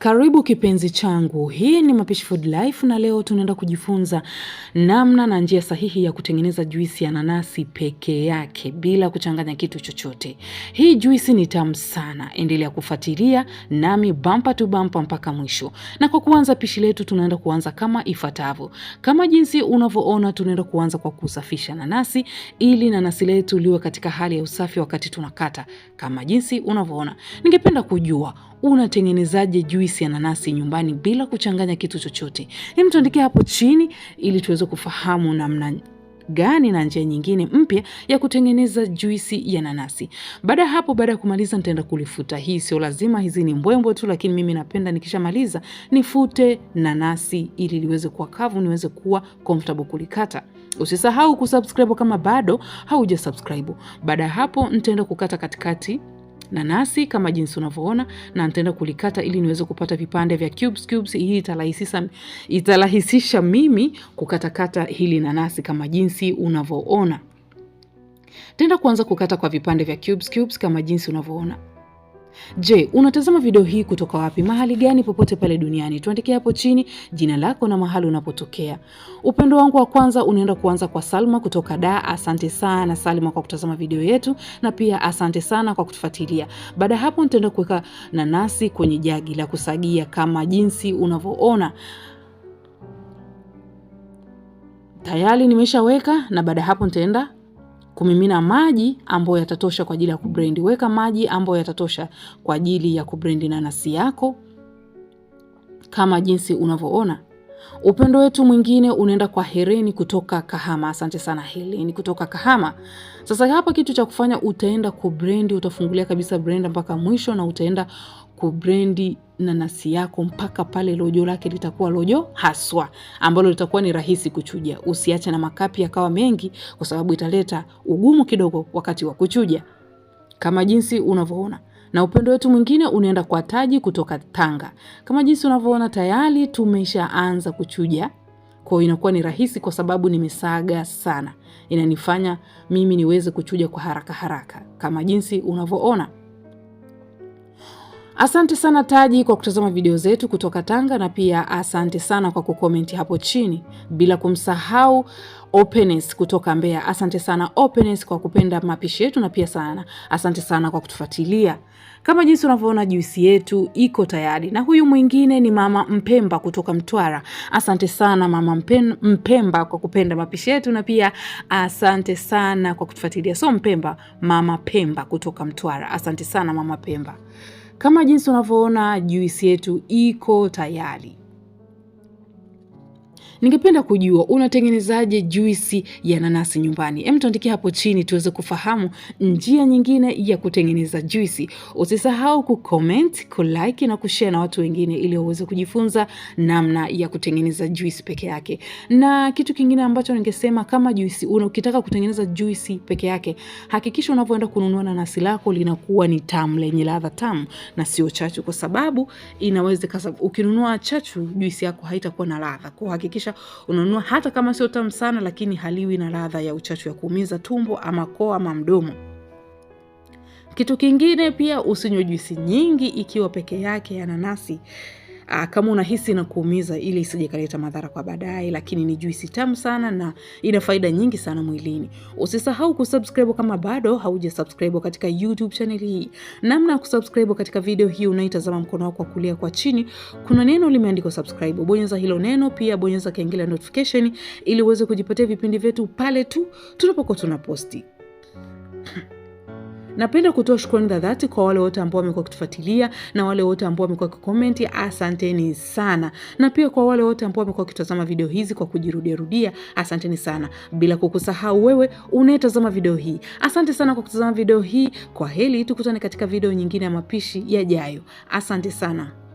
Karibu kipenzi changu, hii ni Mapishi Food Life na leo tunaenda kujifunza namna na njia sahihi ya kutengeneza juisi ya nanasi peke yake bila kuchanganya kitu chochote. Hii juisi ni tamu sana, endelea kufuatilia nami bampa tu bampa mpaka mwisho. Na kwa kuanza pishi letu, tunaenda kuanza kama ifuatavyo. Kama jinsi unavyoona, tunaenda kuanza kwa kusafisha nanasi ili nanasi letu liwe katika hali ya usafi wakati tunakata. Kama jinsi unavyoona, ningependa kujua unatengenezaje juisi juisi ya nanasi nyumbani bila kuchanganya kitu chochote? Hem, tuandikia hapo chini ili tuweze kufahamu namna gani na njia nyingine mpya ya kutengeneza juisi ya nanasi. Baada ya hapo, baada ya kumaliza nitaenda kulifuta. Hii sio lazima, hizi ni mbwembwe tu, lakini mimi napenda nikishamaliza nifute nanasi ili liweze kuwa kavu, niweze kuwa comfortable kulikata. Usisahau kusubscribe kama bado hauja subscribe. Baada ya hapo, nitaenda kukata katikati nanasi kama jinsi unavyoona, na nitaenda kulikata ili niweze kupata vipande vya cubes cubes. Hii itarahisisha italahisisha mimi kukatakata hili nanasi kama jinsi unavyoona. Tenda kuanza kukata kwa vipande vya cubes cubes kama jinsi unavyoona. Je, unatazama video hii kutoka wapi? Mahali gani? Popote pale duniani, tuandikie hapo chini jina lako na mahali unapotokea. Upendo wangu wa kwanza unaenda kuanza kwa Salma kutoka da Asante sana Salma kwa kutazama video yetu, na pia asante sana kwa kutufuatilia. Baada ya hapo, nitaenda kuweka nanasi kwenye jagi la kusagia kama jinsi unavyoona tayari nimeshaweka, na baada ya hapo nitaenda kumimina maji ambayo yatatosha kwa ajili ya kubrendi. Weka maji ambayo yatatosha kwa ajili ya kubrendi nanasi yako kama jinsi unavyoona. Upendo wetu mwingine unaenda kwa Hereni kutoka Kahama. Asante sana Hereni kutoka Kahama. Sasa hapa kitu cha kufanya, utaenda kubrendi, utafungulia kabisa brenda mpaka mwisho na utaenda kubrendi nanasi yako mpaka pale lojo lake litakuwa lojo haswa, ambalo litakuwa ni rahisi kuchuja. Usiache na makapi yakawa mengi, kwa sababu italeta ugumu kidogo wakati wa kuchuja, kama jinsi unavyoona na upendo wetu mwingine unaenda kwa Taji kutoka Tanga. Kama jinsi unavyoona tayari tumeshaanza kuchuja, kwa inakuwa ni rahisi kwa sababu nimesaga sana, inanifanya mimi niweze kuchuja kwa haraka haraka, kama jinsi unavyoona. Asante sana Taji kwa kutazama video zetu kutoka Tanga na pia asante sana kwa kukomenti hapo chini, bila kumsahau Openness kutoka Mbeya. Asante sana Openness kwa kupenda mapishi yetu na pia sana asante sana kwa kutufuatilia. Kama jinsi unavyoona juisi yetu iko tayari, na huyu mwingine ni mama Mpemba kutoka Mtwara. Asante sana mama Mpen, Mpemba kwa kupenda mapishi yetu na pia asante sana kwa kutufuatilia. So Mpemba, mama Pemba kutoka Mtwara. Asante sana mama Pemba. Kama jinsi unavyoona juisi yetu iko tayari. Ningependa kujua unatengenezaje juisi ya nanasi nyumbani? Hem, tuandikia hapo chini tuweze kufahamu njia nyingine ya kutengeneza juisi. Usisahau kucomment, kulike na kushare na watu wengine ili waweze kujifunza namna ya kutengeneza juisi peke yake. Na kitu kingine ambacho ningesema kama juisi, ukitaka kutengeneza juisi peke yake, hakikisha unavyoenda kununua nanasi lako linakuwa ni tamu lenye ladha tamu na sio chachu, kwa sababu inaweza ukinunua chachu juisi yako haitakuwa na ladha. Kwa hakikisha kutosha, unanunua hata kama sio tamu sana, lakini haliwi na ladha ya uchachu ya kuumiza tumbo ama koa ama mdomo. Kitu kingine pia, usinywe juisi nyingi ikiwa peke yake ya nanasi. Aa, ah, kama unahisi na kuumiza ili isije kaleta madhara kwa baadaye, lakini ni juisi tamu sana na ina faida nyingi sana mwilini. Usisahau kusubscribe kama bado haujasubscribe katika YouTube channel hii. Namna ya kusubscribe katika video hii unaitazama mkono wako wa kulia kwa chini, kuna neno limeandikwa subscribe. Bonyeza hilo neno, pia bonyeza kengele notification ili uweze kujipatia vipindi vyetu pale tu tunapokuwa tunaposti. Napenda kutoa shukrani za dhati kwa wale wote ambao wamekuwa wakitufuatilia na wale wote ambao wamekuwa wakikomenti, asanteni sana, na pia kwa wale wote ambao wamekuwa wakitazama video hizi kwa kujirudiarudia, asanteni sana, bila kukusahau wewe unayetazama video hii. Asante sana kwa kutazama video hii. Kwa heri, tukutane katika video nyingine ya mapishi yajayo. Asante sana.